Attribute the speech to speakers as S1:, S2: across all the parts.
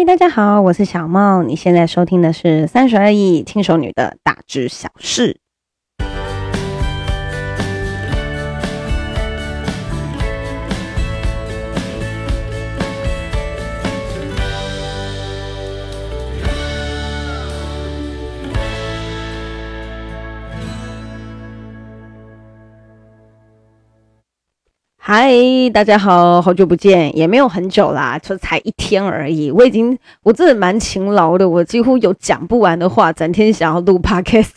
S1: Hey, 大家好，我是小夢，你現在收聽的是《三十而已》輕熟女的大事小事。嗨，Hi, 大家好，好久不見，也沒有很久啦、啊，就才一天而已。我已經，我真的蠻勤勞的，我幾乎有講不完的話，整天想要錄 Podcast。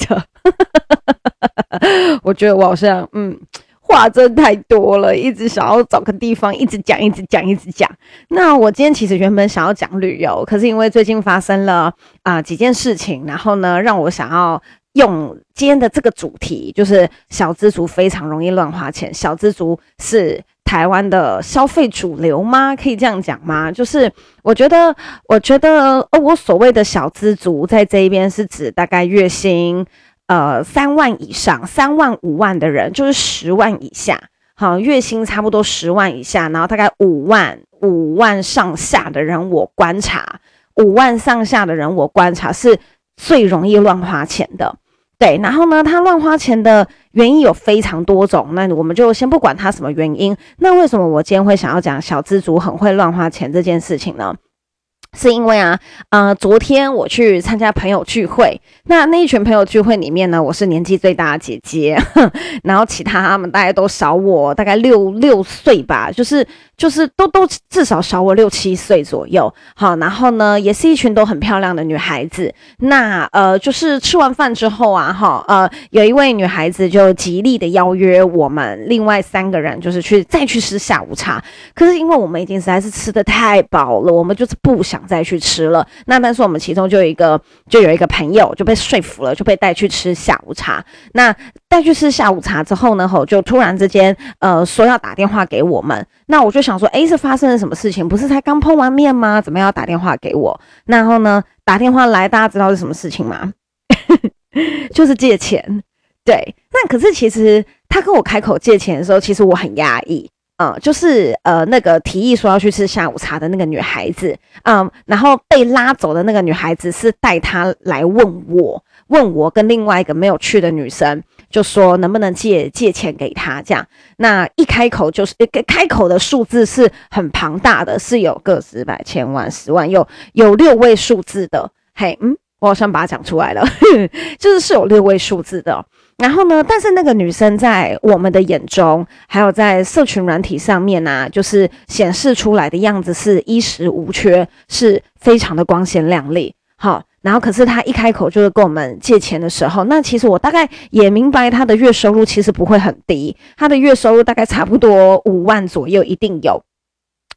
S1: 我覺得我好像，嗯，話真太多了，一直想要找個地方，一直講，一直講，一直講。那我今天其實原本想要講旅遊，可是因為最近發生了啊、呃、幾件事情，然後呢，讓我想要。用今天的這個主題，就是小資族非常容易亂花錢。小資族是台灣的消費主流嗎？可以這樣講嗎？就是我覺得，我覺得，呃，我所謂的小資族在這一邊是指大概月薪，呃，三萬以上、三萬五萬的人，就是十萬以下。好，月薪差不多十萬以下，然後大概五萬、五萬上下的人，我觀察，五萬上下的人，我觀察是最容易亂花錢的。對，然後呢，他亂花錢的原因有非常多種，那我們就先不管他什麼原因。那為什麼我今天會想要講小資族很會亂花錢這件事情呢？是因為啊，呃，昨天我去參加朋友聚會，那那一群朋友聚會裡面呢，我是年紀最大的姐姐，哼，然後其他他們大家都少我大概六六歲吧，就是。就是都都至少少我六七歲左右，好、哦，然後呢，也是一群都很漂亮的女孩子。那呃，就是吃完飯之後啊，哈、哦，呃，有一位女孩子就極力的邀約我們另外三個人，就是去再去吃下午茶。可是因為我們已經實在是吃得太飽了，我們就是不想再去吃了。那但是我們其中就有一個，就有一個朋友就被說服了，就被帶去吃下午茶。那。但去吃下午茶之後呢，吼就突然之間，呃，說要打電話給我們。那我就想說，哎，是發生了什麼事情？不是才剛碰完面嗎？怎麼樣，要打電話給我？然後呢，打電話來，大家知道是什麼事情嗎？ 就是借錢。對，那可是其實他跟我開口借錢的時候，其實我很訝異。呃、嗯、就是呃，那個提議說要去吃下午茶的那個女孩子，嗯，然後被拉走的那個女孩子是帶她來問我，問我跟另外一個沒有去的女生，就說能不能借借錢給她，這樣。那一開口就是一個、呃、開口的數字是很龐大的，是有個十百千萬十萬，有有六位數字的。嘿，嗯，我好像把它講出來了，呵呵就是是有六位數字的。然後呢，但是那個女生在我們的眼中，還有在社群軟體上面呢、啊，就是顯示出來的樣子是衣食無缺，是非常的光鮮亮麗。好，然後可是她一開口就是跟我們借錢的時候，那其實我大概也明白她的月收入其實不會很低，她的月收入大概差不多五萬左右，一定有。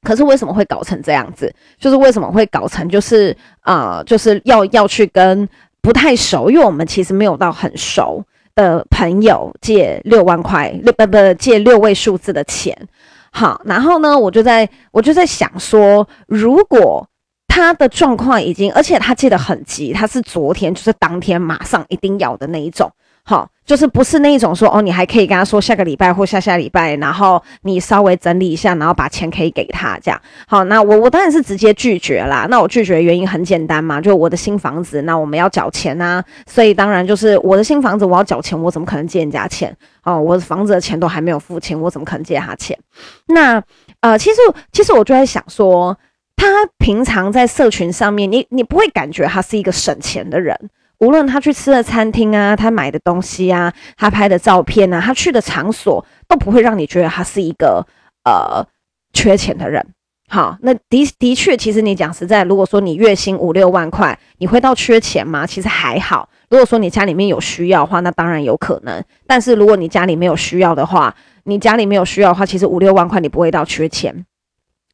S1: 可是為什麼會搞成這樣子？就是為什麼會搞成就是呃，就是要要去跟不太熟，因為我們其實沒有到很熟。的朋友借六萬塊，六呃不，不，不借六位數字的錢，好，然後呢，我就在我就在想說，如果他的狀況已經，而且他借的很急，他是昨天就是當天馬上一定要的那一種，好。就是不是那一種說哦，你還可以跟他說下個禮拜或下下禮拜，然後你稍微整理一下，然後把錢可以給他這樣。好，那我我當然是直接拒絕啦。那我拒絕的原因很簡單嘛，就我的新房子，那我們要繳錢啊，所以當然就是我的新房子我要繳錢，我怎麼可能借人家錢？哦，我的房子的錢都還沒有付清，我怎麼可能借他錢？那呃，其實其實我就在想說，他平常在社群上面，你你不會感覺他是一個省錢的人。無論他去吃的餐廳啊，他買的東西啊，他拍的照片啊，他去的場所都不會讓你覺得他是一個呃缺錢的人。好，那的的確，其實你講實在，如果說你月薪五六萬塊，你會到缺錢嗎？其實還好。如果說你家裡面有需要的話，那當然有可能。但是如果你家裡沒有需要的話，你家裡沒有需要的話，其實五六萬塊你不會到缺錢。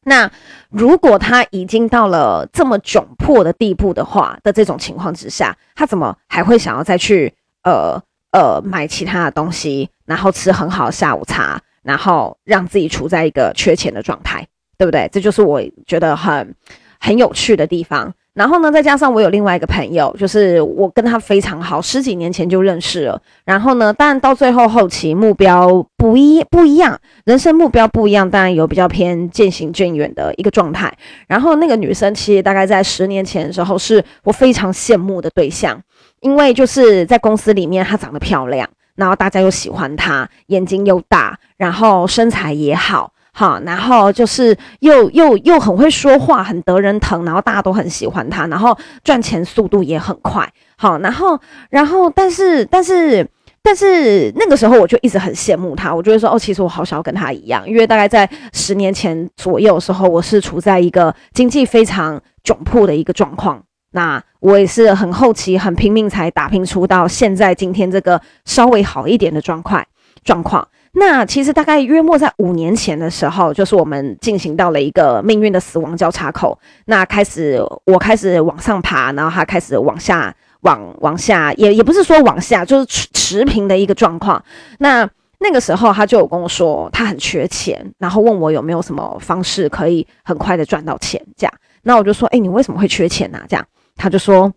S1: 那如果他已經到了這麼窘迫的地步的話的這種情況之下，他怎麼還會想要再去呃呃買其他的東西，然後吃很好的下午茶，然後讓自己處在一個缺錢的狀態，對不對？這就是我覺得很很有趣的地方。然後呢，再加上我有另外一個朋友，就是我跟他非常好，十幾年前就認識了。然後呢，但到最後後期目標不一不一樣，人生目標不一樣，當然有比較偏漸行漸遠的一個狀態。然後那個女生其實大概在十年前的時候，是我非常羨慕的對象，因為就是在公司裡面她長得漂亮，然後大家又喜歡她，眼睛又大，然後身材也好。好，然後就是又又又很會說話，很得人疼，然後大家都很喜歡他，然後賺錢速度也很快。好，然後然後但是但是但是那個時候我就一直很羨慕他，我覺得說哦，其實我好想要跟他一樣。因為大概在十年前左右的時候，我是處在一個經濟非常窘迫的一個狀況，那我也是很後期很拼命才打拼出到現在今天這個稍微好一點的狀況狀況。那其實大概約莫在五年前的時候，就是我們進行到了一個命運的死亡交叉口。那開始我開始往上爬，然後他開始往下，往往下也也不是說往下，就是持平的一個狀況。那那個時候他就有跟我說，他很缺錢，然後問我有沒有什麼方式可以很快的賺到錢，這樣。那我就說，欸，你為什麼會缺錢啊？這樣，他就說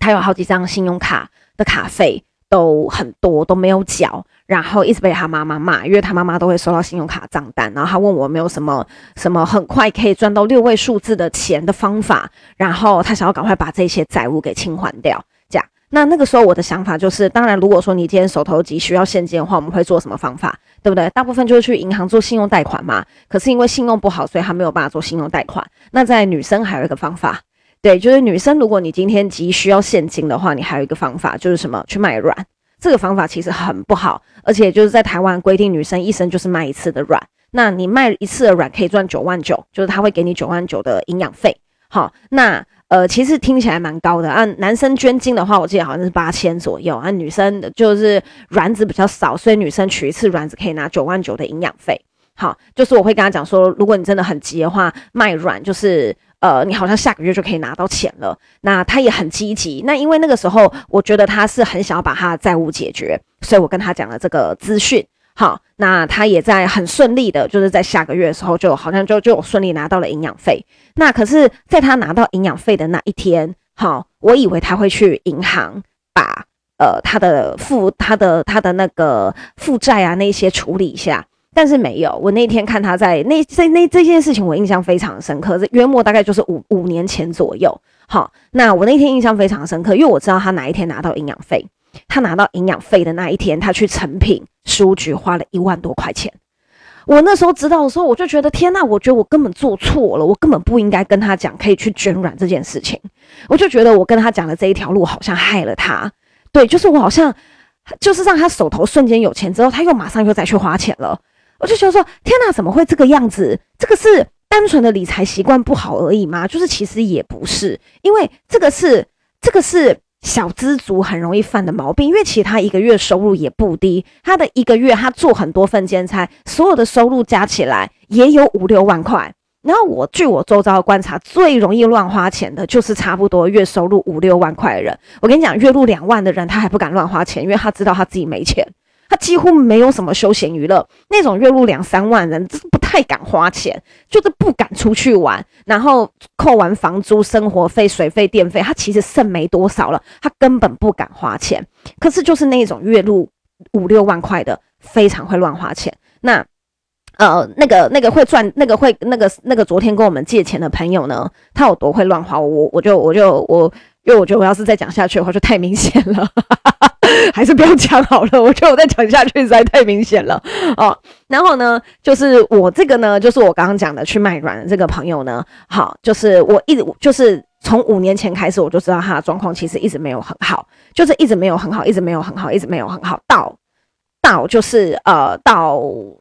S1: 他有好幾張信用卡的卡費。都很多都沒有繳，然後一直被他媽媽罵，因為他媽媽都會收到信用卡賬單。然後他問我有沒有什麼什麼很快可以賺到六位數字的錢的方法，然後他想要趕快把這些債務給清還掉。這樣，那那個時候我的想法就是，當然，如果說你今天手頭急需要現金的話，我們會做什麼方法，對不對？大部分就是去銀行做信用貸款嘛。可是因為信用不好，所以他沒有辦法做信用貸款。那在女生還有一個方法。對，就是女生，如果你今天急需要現金的話，你還有一個方法就是什麼？去賣卵。這個方法其實很不好，而且就是在台灣規定，女生一生就是賣一次的卵。那你賣一次的卵可以賺九萬九，就是他會給你九萬九的營養費。好，那呃，其實聽起來蠻高的。按、啊、男生捐精的話，我記得好像是八千左右。按、啊、女生的就是卵子比較少，所以女生取一次卵子可以拿九萬九的營養費。好，就是我會跟他講說，如果你真的很急的話，賣卵就是。呃，你好像下個月就可以拿到錢了。那他也很積極。那因為那個時候，我覺得他是很想要把他的債務解決，所以我跟他講了這個資訊。好，那他也在很順利的，就是在下個月的時候，就好像就就順利拿到了營養費。那可是在他拿到營養費的那一天，好，我以為他會去銀行把呃他的負，他的他的那個負債啊，那些處理一下。但是沒有，我那天看他在那這那這件事情，我印象非常深刻。這約莫大概就是五五年前左右。好，那我那天印象非常深刻，因為我知道他哪一天拿到營養費。他拿到營養費的那一天，他去誠品書局花了一萬多塊錢。我那時候知道的時候，我就覺得天吶，我覺得我根本做錯了，我根本不應該跟他講可以去捐卵這件事情。我就覺得我跟他講的這一條路好像害了他。對，就是我好像就是讓他手頭瞬間有錢之後，他又馬上又再去花錢了。我就覺得說，天哪，怎麼會這個樣子？這個是單純的理財習慣不好而已嗎？就是其實也不是，因為這個是這個是小資族很容易犯的毛病。因為其他一個月收入也不低，他的一個月他做很多份兼差，所有的收入加起來也有五六萬塊。然後我據我周遭的觀察，最容易亂花錢的就是差不多月收入五六萬塊的人。我跟你講，月入兩萬的人他還不敢亂花錢，因為他知道他自己沒錢。他幾乎沒有什麼休閒娛樂，那種月入兩三萬人，真是不太敢花錢，就是不敢出去玩。然後扣完房租、生活費、水費、電費，他其實剩沒多少了，他根本不敢花錢。可是就是那種月入五六萬塊的，非常會亂花錢。那呃，那個那個會賺，那個會那個會、那個、那個昨天跟我們借錢的朋友呢，他有多會亂花？我我就我就我，因為我覺得我要是再講下去的話，就太明顯了。 還是不要講好了，我覺得我再講下去實在太明顯了。然後呢，就是我這個呢，就是我剛剛講的去賣卵的這個朋友呢，好，就是我一直就是從五年前開始，我就知道他的狀況其實一直沒有很好，就是一直沒有很好，一直沒有很好，一直沒有很好，到到就是呃，到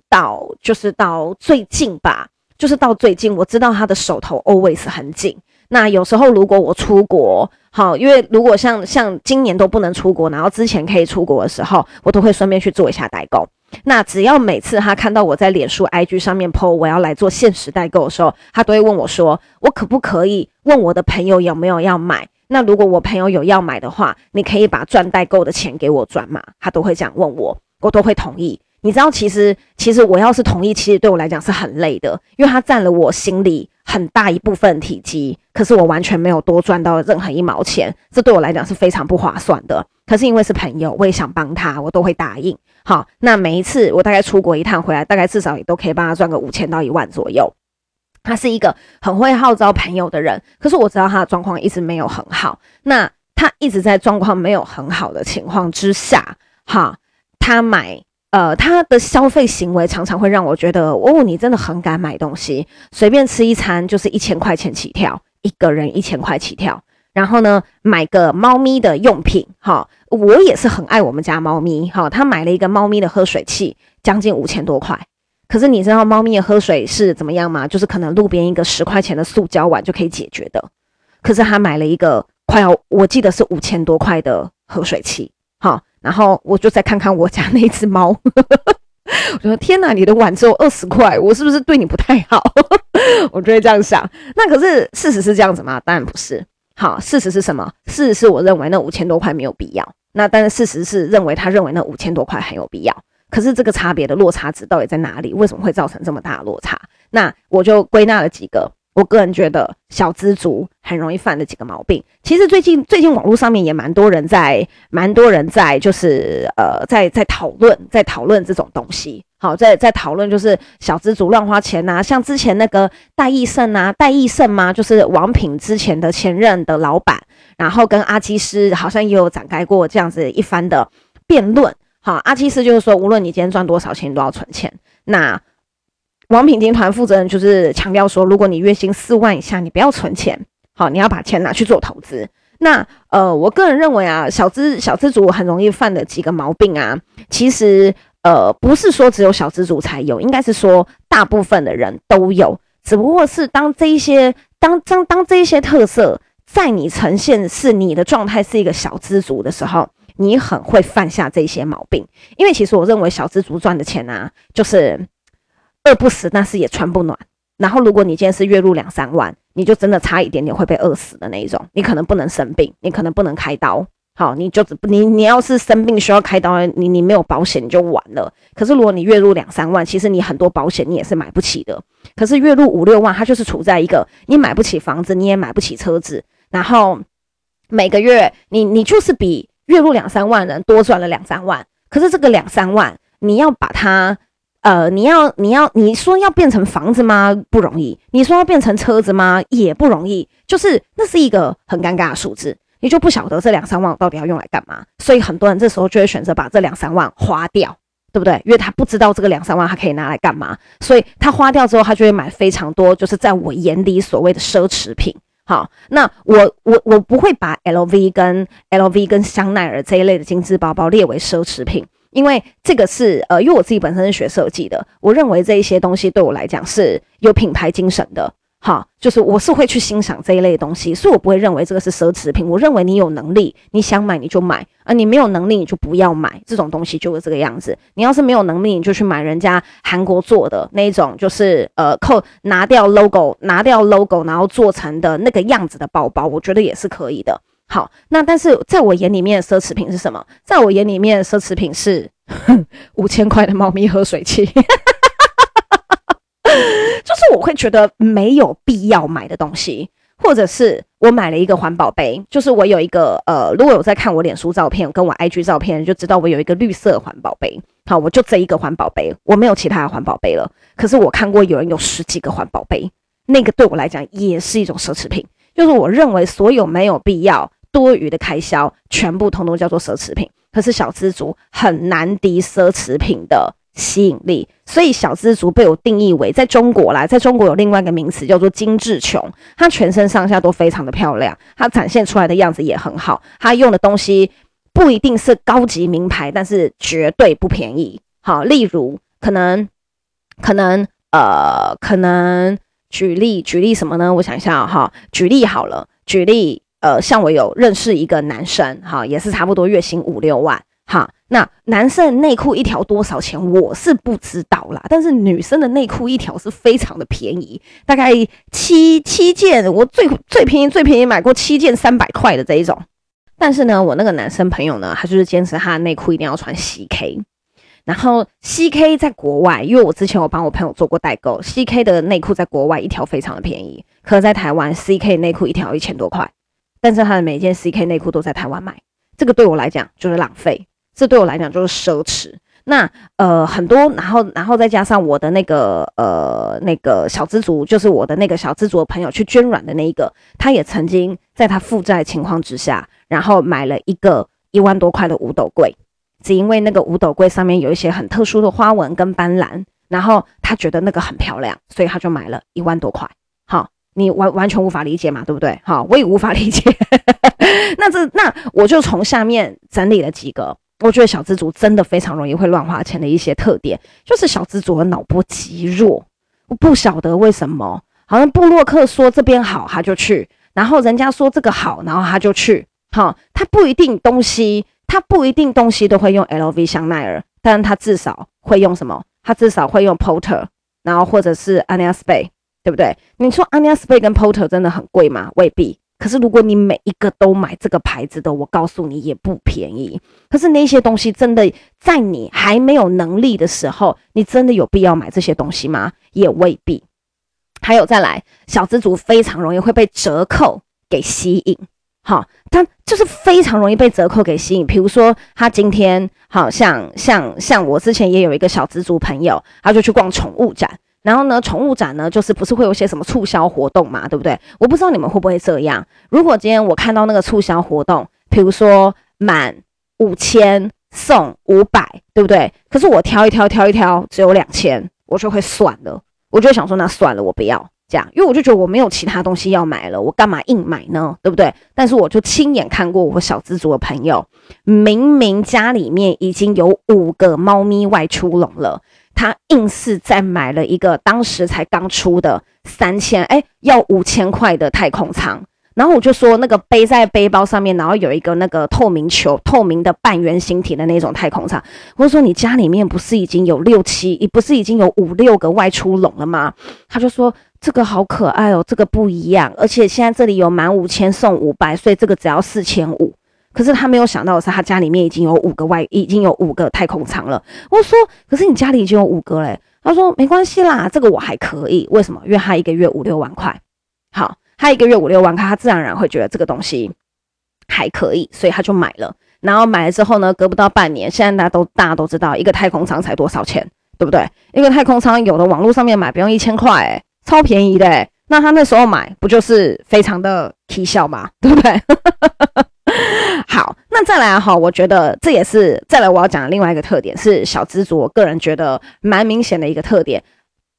S1: 到就是到最近吧，就是到最近，我知道他的手頭 always 很緊。那有時候如果我出國，好，因為如果像像今年都不能出國，然後之前可以出國的時候，我都會順便去做一下代購。那只要每次他看到我在臉書 IG 上面 po 我要來做限時代購的時候，他都會問我說，我可不可以問我的朋友有沒有要買？那如果我朋友有要買的話，你可以把賺代購的錢給我賺嘛？他都會這樣問我，我都會同意。你知道，其實其實我要是同意，其實對我來講是很累的，因為他占了我心裡很大一部分體積，可是我完全沒有多賺到任何一毛錢，這對我來講是非常不划算的。可是因為是朋友，我也想幫他，我都會答應。好，那每一次我大概出國一趟回來，大概至少也都可以幫他賺個五千到一萬左右。他是一個很會號召朋友的人，可是我知道他的狀況一直沒有很好。那他一直在狀況沒有很好的情況之下，哈，他買。呃，他的消費行為常常會讓我覺得，哦，你真的很敢買東西，隨便吃一餐就是一千塊錢起跳，一個人一千塊起跳。然後呢，買個貓咪的用品，哈，我也是很愛我們家貓咪，哈，他買了一個貓咪的喝水器，將近五千多塊。可是你知道貓咪的喝水是怎麼樣嗎？就是可能路邊一個十塊錢的塑膠碗就可以解決的。可是他買了一個快要，我記得是五千多塊的喝水器，哈。然後我就再看看我家那隻貓， 我說天哪，你的碗只有二十塊，我是不是對你不太好？ 我就會這樣想。那可是事實是這樣子嗎？當然不是。好，事實是什麼？事實是我認為那五千多塊沒有必要。那但是事實是認為他認為那五千多塊很有必要。可是這個差別的落差值到底在哪裡？為什麼會造成這麼大的落差？那我就歸納了幾個。我個人覺得小資族很容易犯的幾個毛病。其實最近最近，網絡上面也蠻多人在，蠻多人在就是呃在在討論，在討論這種東西。好，在在討論就是小資族亂花錢吶、啊，像之前那個戴益盛啊，戴益盛嘛，就是王品之前的前任的老闆，然後跟阿基師好像也有展開過這樣子一番的辯論。好，阿基師就是說，無論你今天賺多少錢，你都要存錢。那王品集團負責人就是強調說，如果你月薪四萬以下，你不要存錢，好，你要把錢拿去做投資。那呃，我個人認為啊，小資小資族很容易犯的幾個毛病啊，其實呃，不是說只有小資族才有，應該是說大部分的人都有，只不過是當這些當當當，當這些特色在你呈現是你的狀態是一個小資族的時候，你很會犯下這些毛病。因為其實我認為小資族賺的錢啊，就是。餓不死，但是也穿不暖。然後，如果你今天是月入兩三萬，你就真的差一點點會被餓死的那一種。你可能不能生病，你可能不能開刀。好，你就只你你要是生病需要開刀，你你沒有保險你就完了。可是如果你月入兩三萬，其實你很多保險你也是買不起的。可是月入五六萬，它就是處在一個你買不起房子，你也買不起車子，然後每個月你你就是比月入兩三萬人多賺了兩三萬。可是這個兩三萬，你要把它。呃，你要你要你說要變成房子嗎？不容易。你說要變成車子嗎？也不容易。就是那是一個很尷尬的數字，你就不曉得這兩三萬到底要用來幹嘛。所以很多人這時候就會選擇把這兩三萬花掉，對不對？因為他不知道這個兩三萬他可以拿來幹嘛，所以他花掉之後，他就會買非常多，就是在我眼裡所謂的奢侈品。好，那我我我不會把 LV 跟 LV 跟香奈兒這一類的精緻包包列為奢侈品。因為這個是呃，因為我自己本身是學設計的，我認為這一些東西對我來講是有品牌精神的，哈，就是我是會去欣賞這一類東西，所以我不會認為這個是奢侈品。我認為你有能力，你想買你就買，而你沒有能力你就不要買這種東西，就是這個樣子。你要是沒有能力，你就去買人家韓國做的那種，就是呃扣拿掉 logo，拿掉 logo，然後做成的那個樣子的包包，我覺得也是可以的。好，那但是在我眼裡面，奢侈品是什麼？在我眼裡面，奢侈品是哼，五千塊的貓咪喝水器， 就是我會覺得沒有必要買的東西，或者是我買了一個環保杯，就是我有一個呃，如果有在看我臉書照片跟我 IG 照片，就知道我有一個綠色環保杯。好，我就這一個環保杯，我沒有其他的環保杯了。可是我看過有人有十幾個環保杯，那個對我來講也是一種奢侈品，就是我認為所有沒有必要多餘的開銷全部通通叫做奢侈品，可是小資族很難敵奢侈品的吸引力，所以小資族被我定義為在中國啦，在中國有另外一個名詞叫做精致窮，她全身上下都非常的漂亮，她展現出來的樣子也很好，她用的東西不一定是高級名牌，但是絕對不便宜。好，例如可能可能呃可能舉例舉例什麼呢？我想一下哈，舉例好了，舉例。呃，像我有認識一個男生，哈，也是差不多月薪五六萬，哈。那男生內褲一條多少錢？我是不知道啦。但是女生的內褲一條是非常的便宜，大概七七件，我最最便宜最便宜買過七件三百塊的這一種。但是呢，我那個男生朋友呢，他就是堅持他的內褲一定要穿 CK，然後 CK 在國外，因為我之前我幫我朋友做過代購，CK 的內褲在國外一條非常的便宜，可是在台灣 CK 內褲一條一千多塊。但是他的每一件 CK 內褲都在台灣買，這個對我來講就是浪費，這對我來講就是奢侈。那呃很多，然後然後再加上我的那個呃那個小資族就是我的那個小資族的朋友去捐卵的那一個，他也曾經在他負債情況之下，然後買了一個一萬多塊的五斗櫃，只因為那個五斗櫃上面有一些很特殊的花紋跟斑斕，然後他覺得那個很漂亮，所以他就買了一萬多塊。你完完全無法理解嘛，對不對？好、哦，我也無法理解。 那這那我就從下面整理了幾個，我覺得小資族真的非常容易會亂花錢的一些特點，就是小資族的腦波極弱。我不曉得為什麼，好像部落客說這邊好，他就去；然後人家說這個好，然後他就去。好、哦，他不一定東西，他不一定東西都會用 LV、香奈兒，但是他至少會用什麼？他至少會用 Porter，然後或者是 Anya Spay。對不對？你說 Ania Spray 跟 Porter 真的很貴嗎？未必。可是如果你每一個都買這個牌子的，我告訴你也不便宜。可是那些東西真的在你還沒有能力的時候，你真的有必要買這些東西嗎？也未必。還有再來，小資族非常容易會被折扣給吸引。好、哦，它就是非常容易被折扣給吸引。比如說，他今天好像像像我之前也有一個小資族朋友，他就去逛寵物展。然後呢，寵物展呢，就是不是會有些什麼促銷活動嘛，對不對？我不知道你們會不會這樣。如果今天我看到那個促銷活動，比如說滿五千送五百，對不對？可是我挑一挑，挑一挑，只有兩千，我就會算了，我就想說，那算了，我不要。這樣，因為我就覺得我沒有其他東西要買了，我幹嘛硬買呢？對不對？但是我就親眼看過我小資族的朋友，明明家裡面已經有五個貓咪外出籠了，他硬是再買了一個當時才剛出的三千，欸，要五千塊的太空艙。然後我就說那個背在背包上面，然後有一個那個透明球、透明的半圓形體的那種太空艙。我就說你家裡面不是已經有六七，你不是已經有五六個外出籠了嗎？他就說這個好可愛哦，這個不一樣，而且現在這裡有滿五千送五百，所以這個只要四千五。可是他沒有想到的是，他家裡面已經有五個外，已經有五個太空艙了。我就說可是你家裡已經有五個嘞。他說沒關係啦，這個我還可以。為什麼？因為他一個月五六萬塊。好。他一個月五六萬塊，他自然而然會覺得這個東西還可以，所以他就買了。然後買了之後呢，隔不到半年，現在大家都大家都知道，一個太空艙才多少錢，對不對？一個太空艙有的網絡上面買，不用一千塊，哎，超便宜的、欸。那他那時候買，不就是非常的虧效嗎？對不對？ 好，那再來哈，我覺得這也是再來我要講的另外一個特點是小資族，我個人覺得蠻明顯的一個特點。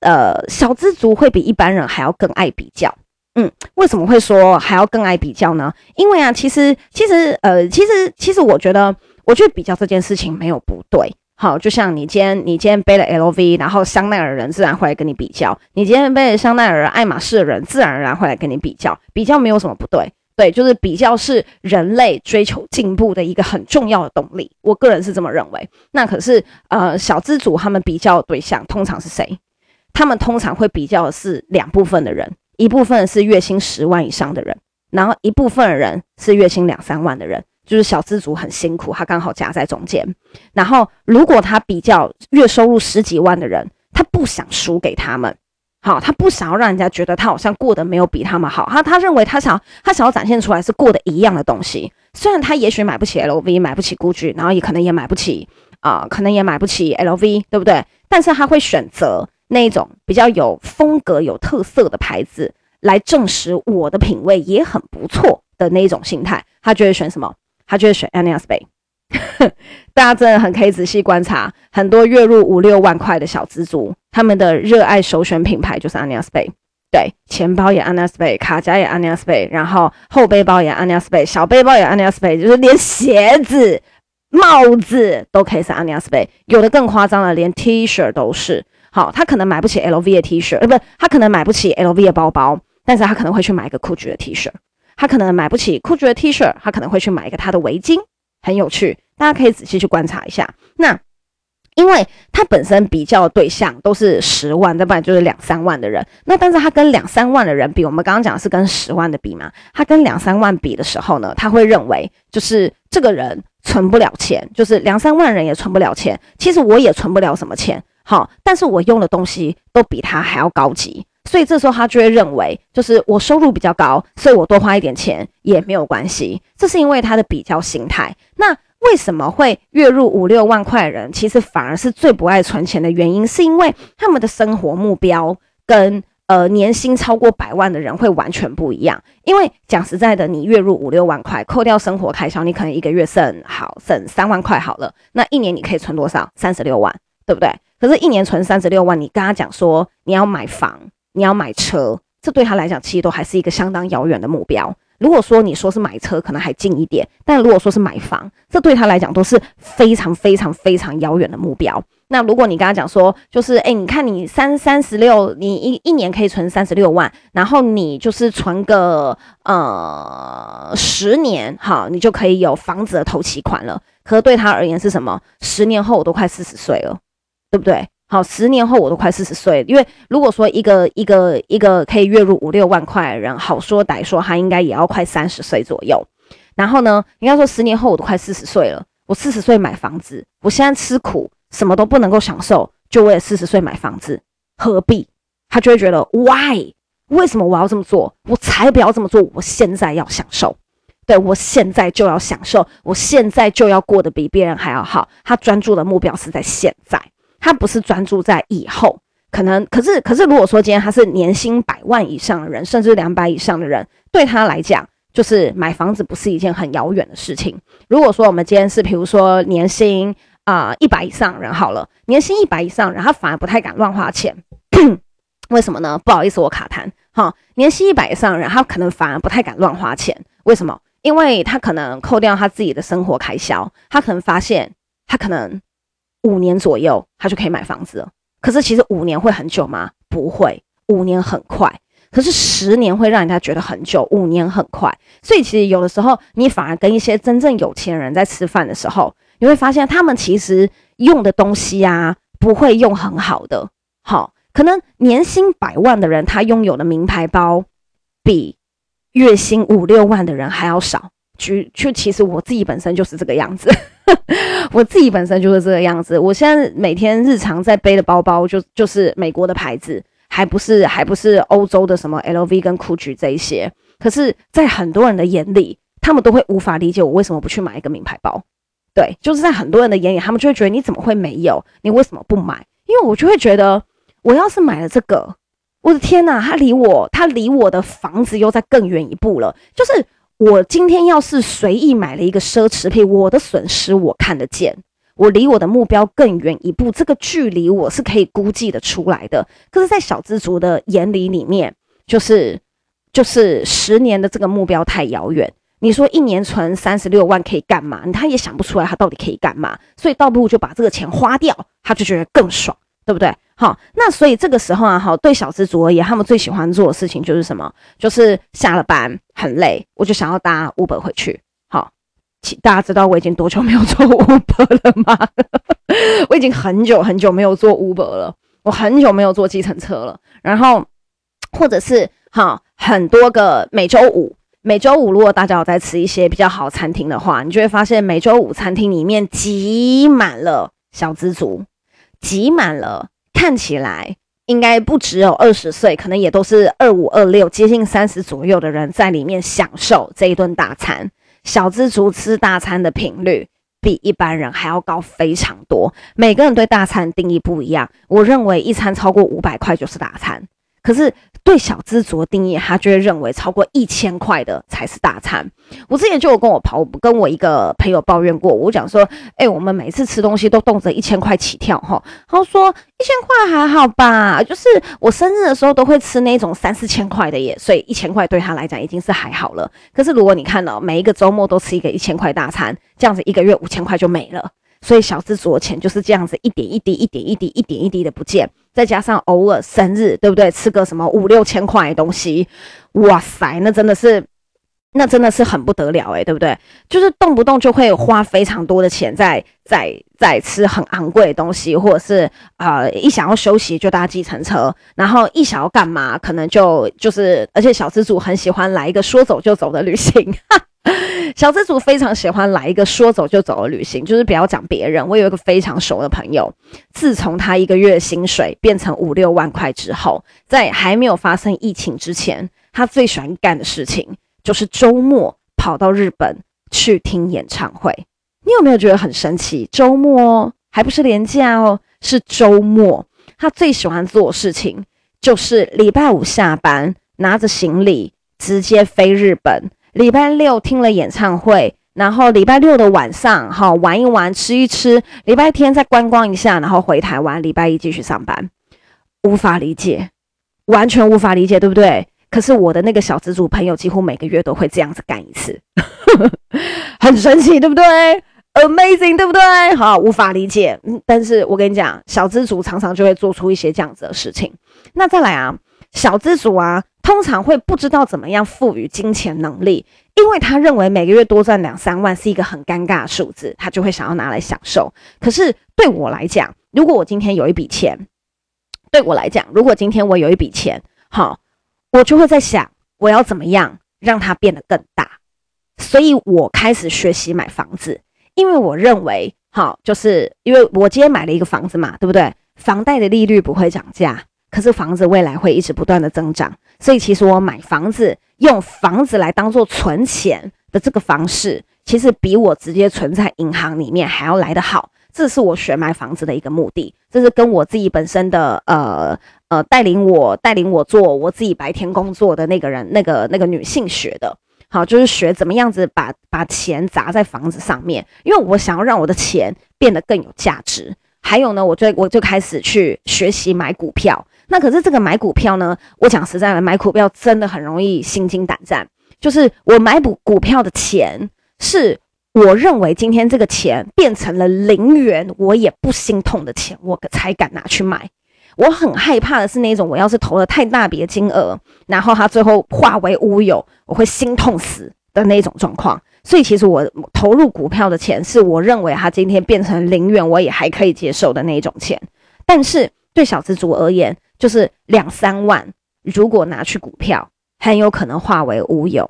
S1: 呃，小資族會比一般人還要更愛比較。嗯，為什麼會說還要更愛比較呢？因為啊，其實其實呃，其實其實我覺得，我覺得比較這件事情沒有不對。好，就像你今天你今天背了 LV，然後香奈兒的人自然會來跟你比較；你今天背了香奈兒、愛馬仕的人，自然而然會來跟你比較。比較沒有什麼不對，對，就是比較是人類追求進步的一個很重要的動力。我個人是這麼認為。那可是呃，小資族他們比較對象通常是誰？他們通常會比較的是兩部分的人。一部分是月薪十萬以上的人，然後一部分的人是月薪兩三萬的人，就是小資族很辛苦，他剛好夾在中間。然後如果他比較月收入十幾萬的人，他不想輸給他們，好、哦，他不想要讓人家覺得他好像過得沒有比他們好。他他認為他想他想要展現出來是過得一樣的東西，雖然他也許買不起 LV，買不起 Gucci，然後也可能也買不起啊、呃，可能也買不起 LV，對不對？但是他會選擇。那一種比較有風格、有特色的牌子，來證實我的品味也很不錯的那一種心態，他就會選什麼？他就會選 Anias Bay。 大家真的很可以仔細觀察，很多月入五六萬塊的小資族，他們的熱愛首選品牌就是 Anias Bay。對，錢包也 Anias Bay，卡夾也 Anias Bay，然後後背包也 Anias Bay，小背包也 Anias Bay，就是連鞋子、帽子都可以是 Anias Bay。有的更誇張的連 T 恤都是。好，他可能買不起 LV 的 T 恤，呃，不，他可能買不起 LV 的包包，但是他可能會去買一個酷局的 T 恤。他可能買不起酷局的 T 恤，他可能會去買一個他的圍巾。很有趣，大家可以仔細去觀察一下。那因為他本身比較的對象都是十萬，不概就是兩三萬的人。那但是他跟兩三萬的人比，我們剛剛講的是跟十萬的比嘛？他跟兩三萬比的時候呢，他會認為就是這個人存不了錢，就是兩三萬人也存不了錢。其實我也存不了什麼錢。好，但是我用的東西都比他還要高級，所以這時候他就會認為，就是我收入比較高，所以我多花一點錢也沒有關係。這是因為他的比較心態。那為什麼會月入五六萬塊的人，其實反而是最不愛存錢的原因，是因為他們的生活目標跟呃年薪超過百萬的人會完全不一樣。因為講實在的，你月入五六萬塊，扣掉生活開銷，你可能一個月剩好剩三萬塊好了，那一年你可以存多少？三十六萬，對不對？可是，一年存三十六萬，你跟他講說你要買房，你要買車，這對他來講其實都還是一個相當遙遠的目標。如果說你說是買車，可能還近一點；但如果說是買房，這對他來講都是非常非常非常遙遠的目標。那如果你跟他講說，就是哎，你看你三三十六，你一一年可以存三十六萬，然後你就是存個呃十年，哈，你就可以有房子的頭期款了。可是對他而言是什麼？十年後我都快四十歲了。對不對？好，十年後我都快四十歲，因為如果說一個一個一個可以月入五六萬塊的人，好說歹說，他應該也要快三十歲左右。然後呢，應該說十年後我都快四十歲了。我四十歲買房子，我現在吃苦，什麼都不能夠享受，就為了四十歲買房子，何必？他就會覺得 Why？為什麼我要這麼做？我才不要這麼做！我現在要享受，對，我現在就要享受，我現在就要過得比別人還要好。他專注的目標是在現在。他不是專注在以後，可能可是可是，可是如果說今天他是年薪百萬以上的人，甚至兩百以上的人，對他來講，就是買房子不是一件很遙遠的事情。如果說我們今天是比如說年薪啊一百以上的人好了，年薪一百以上的人，他反而不太敢亂花錢。為什麼呢？不好意思，我卡痰。哈，年薪一百以上的人，他可能反而不太敢亂花錢。為什麼？因為他可能扣掉他自己的生活開銷，他可能發現他可能。五年左右，他就可以買房子了。可是，其實五年會很久嗎？不會，五年很快。可是，十年會讓人家覺得很久。五年很快，所以其實有的時候，你反而跟一些真正有錢人在吃飯的時候，你會發現他們其實用的東西呀，不會用很好的。好，可能年薪百萬的人，他擁有的名牌包，比月薪五六萬的人還要少。就就其實我自己本身就是這個樣子， 我自己本身就是這個樣子。我現在每天日常在背的包包就就是美國的牌子，還不是還不是歐洲的什麼 LV 跟 Gucci 這一些。可是，在很多人的眼裡，他們都會無法理解我為什麼不去買一個名牌包。對，就是在很多人的眼裡，他們就會覺得你怎麼會沒有？你為什麼不買？因為我就會覺得，我要是買了這個，我的天哪，他離我他離我的房子又再更遠一步了，就是。我今天要是隨意買了一個奢侈品，我的損失我看得見，我離我的目標更遠一步，這個距離我是可以估計得出來的。可是，在小資族的眼裡裡面，就是就是十年的這個目標太遙遠。你說一年存三十六萬可以幹嘛？你他也想不出來他到底可以幹嘛，所以倒不如就把這個錢花掉，他就覺得更爽。對不對？好、哦，那所以這個時候啊，哈，對小資族而言，他們最喜歡做的事情就是什麼？就是下了班很累，我就想要搭 Uber 回去。好、哦，大家知道我已經多久沒有坐 Uber 了嗎？ 我已經很久很久沒有坐 Uber 了，我很久沒有坐計程車了。然後，或者是哈、哦，很多個每周五，每周五如果大家有在吃一些比較好餐廳的話，你就會發現每周五餐廳裡面擠滿了小資族。擠滿了，看起來應該不只有二十歲，可能也都是二五二六，接近三十左右的人在裡面享受這一頓大餐。小資族吃大餐的頻率比一般人還要高非常多。每個人對大餐定義不一樣，我認為一餐超過五百塊就是大餐。可是對小資族的定義，他就會認為超過一千塊的才是大餐。我之前就有跟我跑，我跟我一個朋友抱怨過，我講說，哎、欸，我們每次吃東西都動輒一千塊起跳，吼然他說一千塊還好吧，就是我生日的時候都會吃那種三四千塊的耶，所以一千塊對他來講已經是還好了。可是如果你看到、喔、每一個周末都吃一個一千塊大餐，這樣子一個月五千塊就沒了。所以小資族的錢就是這樣子一點一滴、一點一滴、一點一滴的不見。再加上偶爾生日，對不對？吃個什麼五六千塊的東西，哇塞，那真的是，那真的是很不得了誒、欸、對不對？就是動不動就會花非常多的錢在，在在在吃很昂貴的東西，或者是呃一想要休息就搭計程車，然後一想要幹嘛可能就就是，而且小資族很喜歡來一個說走就走的旅行。 小資族非常喜歡來一個說走就走的旅行，就是不要講別人。我有一個非常熟的朋友，自從他一個月薪水變成五六萬塊之後，在還沒有發生疫情之前，他最喜歡幹的事情就是周末跑到日本去聽演唱會。你有沒有覺得很神奇？周末哦，還不是連假哦，是周末。他最喜歡做的事情就是禮拜五下班，拿着行李直接飛日本。禮拜六聽了演唱會，然後禮拜六的晚上，好、哦、玩一玩，吃一吃，禮拜天再觀光一下，然後回台灣，禮拜一繼續上班，無法理解，完全無法理解，對不對？可是我的那個小資族朋友，幾乎每個月都會這樣子幹一次， 很神奇，對不對？Amazing，對不對？好、哦，無法理解。嗯，但是我跟你講，小資族常常就會做出一些這樣子的事情。那再來啊，小資族啊。通常會不知道怎麼樣賦予金錢能力，因為他認為每個月多賺兩三萬是一個很尷尬的數字，他就會想要拿來享受。可是對我來講，如果我今天有一筆錢，對我來講，如果今天我有一筆錢，齁，我就會在想我要怎麼樣讓它變得更大。所以我開始學習買房子，因為我認為，齁，就是因為我今天買了一個房子嘛，對不對？房貸的利率不會漲價。可是房子未來會一直不斷的增長，所以其實我買房子，用房子來當做存錢的這個方式，其實比我直接存在銀行裡面還要來得好。這是我學買房子的一個目的，這是跟我自己本身的呃、呃、帶領我帶領我做我自己白天工作的那個人，那個那個女性學的，好，就是學怎麼樣子把把錢砸在房子上面，因為我想要讓我的錢變得更有價值。還有呢，我就我就開始去學習買股票。那可是這個買股票呢，我講實在的，買股票真的很容易心驚膽戰。就是我買股股票的錢，是我認為今天這個錢變成了零元，我也不心痛的錢，我才敢拿去買。我很害怕的是那種我要是投了太大筆的金額，然後它最後化為烏有，我會心痛死的那種狀況。所以其實我投入股票的錢，是我認為它今天變成零元，我也還可以接受的那種錢。但是對小資族而言，就是兩三萬，如果拿去股票，很有可能化為烏有。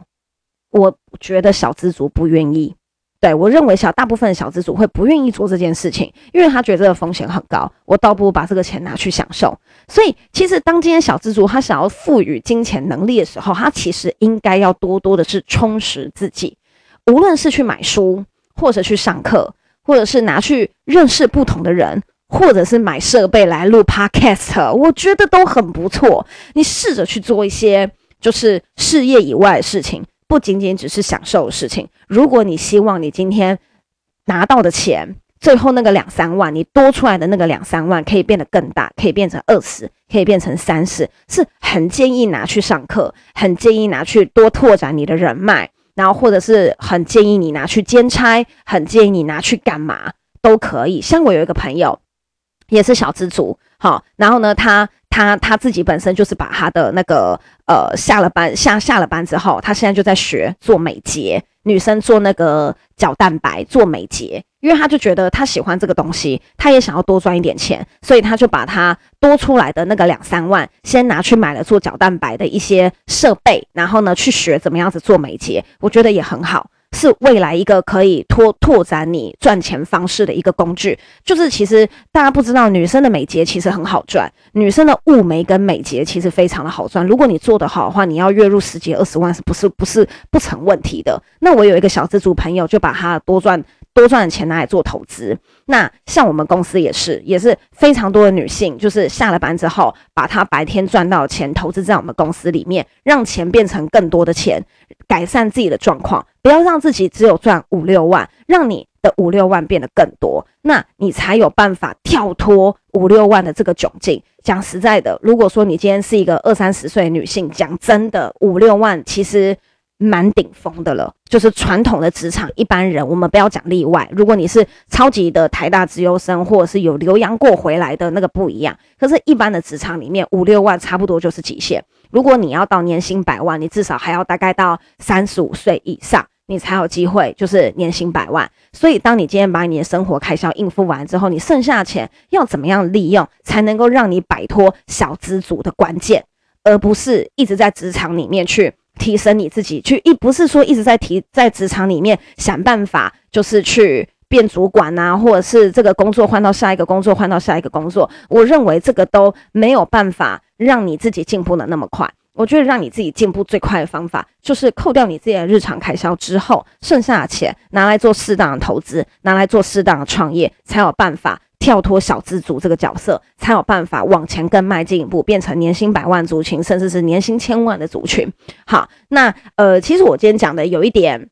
S1: 我覺得小資族不願意，對，我認為小大部分的小資族會不願意做這件事情，因為他覺得這個風險很高。我倒不如把這個錢拿去享受。所以，其實當今天小資族他想要賦予金錢能力的時候，他其實應該要多多的是充實自己，無論是去買書，或者去上課，或者是拿去認識不同的人。或者是買設備來錄 Podcast，我覺得都很不錯。你試着去做一些就是事業以外的事情，不僅僅只是享受的事情。如果你希望你今天拿到的錢，最後那個兩三萬，你多出來的那個兩三萬可以變得更大，可以變成二十，可以變成三十，是很建議拿去上課，很建議拿去多拓展你的人脈，然後或者是很建議你拿去兼差，很建議你拿去幹嘛都可以。像我有一個朋友，也是小資族，好，然後呢，他他他自己本身就是把他的那個呃下了班下下了班之後，他現在就在學做美睫，女生做那個角蛋白做美睫，因為他就覺得他喜歡這個東西，他也想要多賺一點錢，所以他就把他多出來的那個兩三萬，先拿去買了做角蛋白的一些設備，然後呢去學怎麼樣子做美睫，我覺得也很好。是未來一個可以拓拓展你賺錢方式的一個工具，就是其實大家不知道，女生的美睫其實很好賺，女生的霧眉跟美睫其實非常的好賺，如果你做得好的話，你要月入十幾二十萬，是不是不是不成問題的？那我有一個小資族朋友，就把它多賺。多賺的錢拿來做投資，那像我們公司也是，也是非常多的女性，就是下了班之後，把她白天賺到的錢投資在我們公司裡面，讓錢變成更多的錢，改善自己的狀況。不要讓自己只有賺五六萬，讓你的五六萬變得更多，那你才有辦法跳脫五六萬的這個窘境。講實在的，如果說你今天是一個二三十歲的女性，講真的，五六萬其實蠻頂峰的了，就是傳統的職場一般人，我們不要講例外。如果你是超級的台大資優生，或者是有留洋過回來的那個不一樣，可是，一般的職場裡面五六萬差不多就是極限。如果你要到年薪百萬，你至少還要大概到三十五歲以上，你才有機會就是年薪百萬。所以，當你今天把你的生活開銷應付完之後，你剩下的錢要怎麼樣利用，才能夠讓你擺脫小資族的關鍵，而不是一直在職場裡面去。提升你自己去，去一不是說一直在提在職場裡面想辦法，就是去變主管啊，或者是這個工作換到下一個工作，換到下一個工作。我認為這個都沒有辦法讓你自己進步的那麼快。我覺得讓你自己進步最快的方法，就是扣掉你自己的日常開銷之後，剩下的錢拿來做適當的投資，拿來做適當的創業，才有辦法跳脫小資族這個角色，才有辦法往前更邁進一步，變成年薪百萬族群，甚至是年薪千萬的族群。好，那呃，其實我今天講的有一點，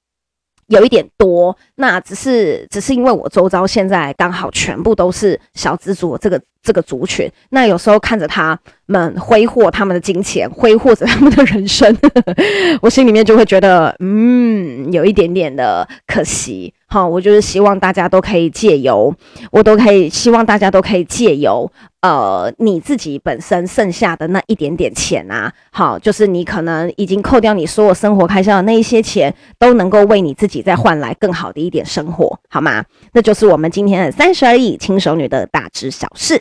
S1: 有一點多，那只是只是因為我周遭現在剛好全部都是小資族這個這個族群，那有時候看着他們揮霍他們的金錢，揮霍着他們的人生， 我心裡面就會覺得，嗯，有一點點的可惜。好，我就是希望大家都可以借由，我都可以，希望大家都可以借由，呃，你自己本身剩下的那一點點錢啊，好，就是你可能已經扣掉你所有生活開銷的那一些錢，都能夠為你自己再換來更好的一點生活，好嗎？那就是我們今天的三十而已，輕熟女的大知小事。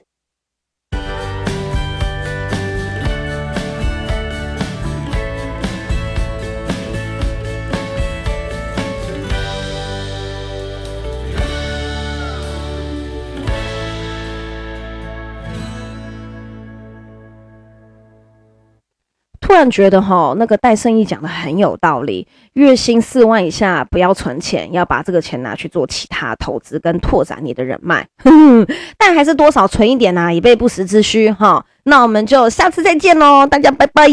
S1: 突然覺得哈，那個戴勝益講得很有道理，月薪四萬以下不要存錢，要把這個錢拿去做其他投資跟拓展你的人脈。哼哼，但還是多少存一點吶、啊，以備不時之需哈。那我們就下次再見嘍，大家拜拜。